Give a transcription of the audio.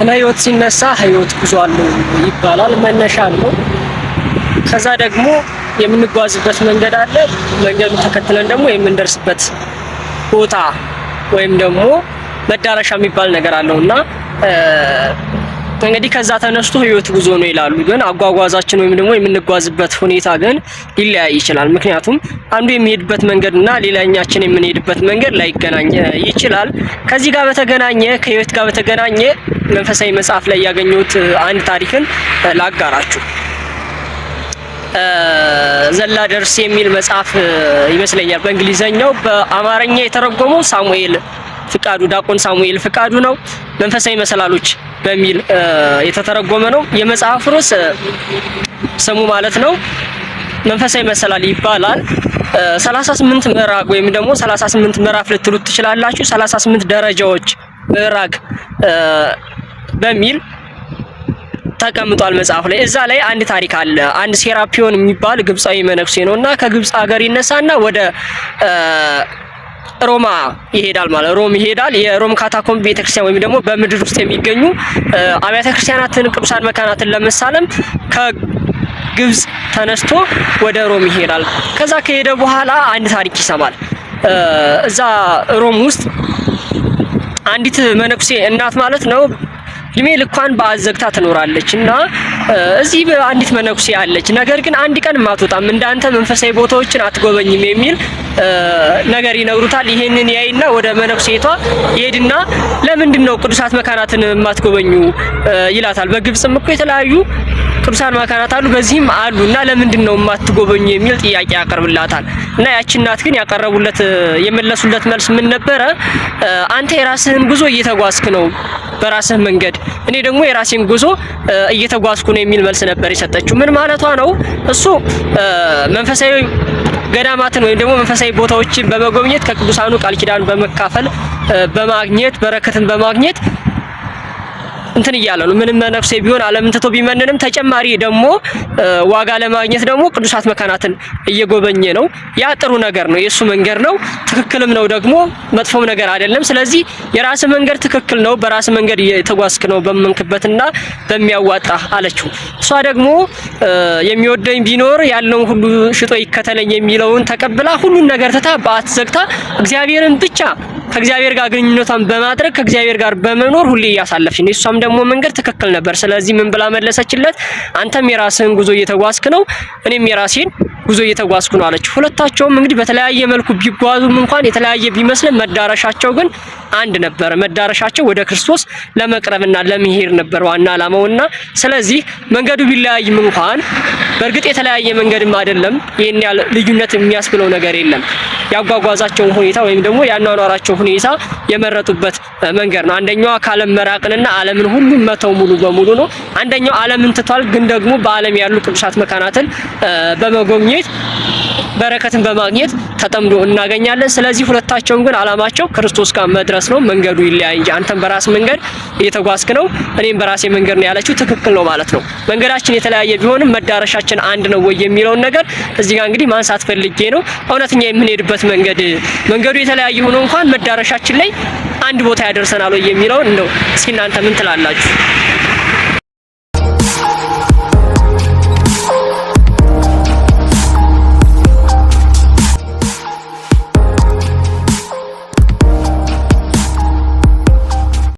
ስለ ህይወት ሲነሳ ህይወት ጉዞ አለው ይባላል። መነሻ አለው። ከዛ ደግሞ የምንጓዝበት መንገድ አለ። መንገዱ ተከትለን ደግሞ የምንደርስበት ቦታ ወይም ደግሞ መዳረሻ የሚባል ነገር አለው እና እንግዲህ ከዛ ተነስቶ ህይወት ጉዞ ነው ይላሉ። ግን አጓጓዛችን ወይም ደግሞ የምንጓዝበት ሁኔታ ግን ሊለያይ ይችላል። ምክንያቱም አንዱ የሚሄድበት መንገድ እና ሌላኛችን የምንሄድበት መንገድ ላይገናኝ ይችላል። ከዚህ ጋር በተገናኘ ከህይወት ጋር በተገናኘ መንፈሳዊ መጽሐፍ ላይ ያገኘሁት አንድ ታሪክን ላጋራችሁ። ደርስ የሚል መጽሐፍ ይመስለኛል በእንግሊዘኛው፣ በአማርኛ የተረጎመው ሳሙኤል ፍቃዱ ዳቆን ሳሙኤል ፍቃዱ ነው። መንፈሳዊ መሰላሎች በሚል የተተረጎመ ነው የመጽሐፍ ርዕስ ስሙ ማለት ነው። መንፈሳዊ መሰላል ይባላል። 38 ምዕራግ ወይም ደግሞ 38 ምዕራፍ ልትሉት ትችላላችሁ። 38 ደረጃዎች ምዕራግ በሚል ተቀምጧል መጽሐፍ ላይ። እዛ ላይ አንድ ታሪክ አለ። አንድ ሴራፒዮን የሚባል ግብፃዊ መነኩሴ ነው እና ከግብፅ ሀገር ይነሳና ወደ ሮማ ይሄዳል ማለት ሮም ይሄዳል። የሮም ካታኮምብ ቤተክርስቲያን ወይም ደግሞ በምድር ውስጥ የሚገኙ አብያተ ክርስቲያናትን፣ ቅዱሳን መካናትን ለመሳለም ከግብጽ ተነስቶ ወደ ሮም ይሄዳል። ከዛ ከሄደ በኋላ አንድ ታሪክ ይሰማል። እዛ ሮም ውስጥ አንዲት መነኩሴ እናት ማለት ነው እድሜ ልኳን በአዘግታ ትኖራለች እና እዚህ አንዲት መነኩሴ አለች፣ ነገር ግን አንድ ቀን ማትወጣም እንዳንተ መንፈሳዊ ቦታዎችን አትጎበኝም የሚል ነገር ይነግሩታል። ይሄንን ያይና ወደ መነኩሴቷ ይሄድና ለምንድን ነው ቅዱሳት መካናትን የማትጎበኙ ይላታል። በግብጽም እኮ የተለያዩ ቅዱሳን ማካናት አሉ፣ በዚህም አሉ እና ለምንድን ነው የማትጎበኙ የሚል ጥያቄ ያቀርብላታል እና ያቺ እናት ግን ያቀረቡለት የመለሱለት መልስ ምን ነበረ? አንተ የራስህን ጉዞ እየተጓዝክ ነው በራስህ መንገድ፣ እኔ ደግሞ የራሴን ጉዞ እየተጓዝኩ ነው የሚል መልስ ነበር የሰጠችው። ምን ማለቷ ነው? እሱ መንፈሳዊ ገዳማትን ወይም ደግሞ መንፈሳዊ ቦታዎችን በመጎብኘት ከቅዱሳኑ ቃል ኪዳኑ በመካፈል በማግኘት በረከትን በማግኘት እንትን እያለ ነው። ምንም ነፍሴ ቢሆን ዓለምን ትቶ ቢመንንም ተጨማሪ ደግሞ ዋጋ ለማግኘት ደግሞ ቅዱሳት መካናትን እየጎበኘ ነው። ያ ጥሩ ነገር ነው። የእሱ መንገድ ነው፣ ትክክልም ነው ደግሞ መጥፎም ነገር አይደለም። ስለዚህ የራስ መንገድ ትክክል ነው፣ በራስ መንገድ የተጓዝክ ነው በመንክበትና በሚያዋጣ አለችው። እሷ ደግሞ የሚወደኝ ቢኖር ያለውን ሁሉ ሽጦ ይከተለኝ የሚለውን ተቀብላ ሁሉን ነገር ትታ በአት ዘግታ እግዚአብሔርን ብቻ ከእግዚአብሔር ጋር ግንኙነቷን በማድረግ ከእግዚአብሔር ጋር በመኖር ሁሌ እያሳለፍች ነው። እሷም ደግሞ መንገድ ትክክል ነበር። ስለዚህ ምን ብላ መለሰችለት? አንተም የራስህን ጉዞ እየተጓዝክ ነው፣ እኔም የራሴን ጉዞ እየተጓዝኩ ነው አለችው። ሁለታቸውም እንግዲህ በተለያየ መልኩ ቢጓዙም እንኳን የተለያየ ቢመስልም መዳረሻቸው ግን አንድ ነበር መዳረሻቸው ወደ ክርስቶስ ለመቅረብና ለመሄድ ነበር ዋና አላማውና ስለዚህ መንገዱ ቢለያይም እንኳን በእርግጥ የተለያየ መንገድም አይደለም። ይህን ያህል ልዩነት የሚያስብለው ነገር የለም። ያጓጓዛቸውን ሁኔታ ወይም ደግሞ ያኗኗራቸው ሁኔታ የመረጡበት መንገድ ነው። አንደኛው ከዓለም መራቅንና ዓለምን ሁሉም መተው ሙሉ በሙሉ ነው። አንደኛው ዓለምን ትቷል፣ ግን ደግሞ በዓለም ያሉ ቅዱሳት መካናትን በመጎብኘት በረከትን በማግኘት ተጠምዶ እናገኛለን። ስለዚህ ሁለታቸውም ግን አላማቸው ክርስቶስ ጋር መድረስ ነው። መንገዱ ይለያይ እንጂ አንተም በራስ መንገድ እየተጓዝክ ነው፣ እኔም በራሴ መንገድ ነው ያለችው ትክክል ነው ማለት ነው። መንገዳችን የተለያየ ቢሆንም መዳረሻችን አንድ ነው ወይ የሚለውን ነገር እዚህ ጋር እንግዲህ ማንሳት ፈልጌ ነው። እውነተኛ የምንሄድበት መንገድ መንገዱ የተለያየ ሆኖ እንኳን መዳረሻችን ላይ አንድ ቦታ ያደርሰናል ወይ የሚለውን ነው። እስኪ እናንተ ምን ትላላችሁ?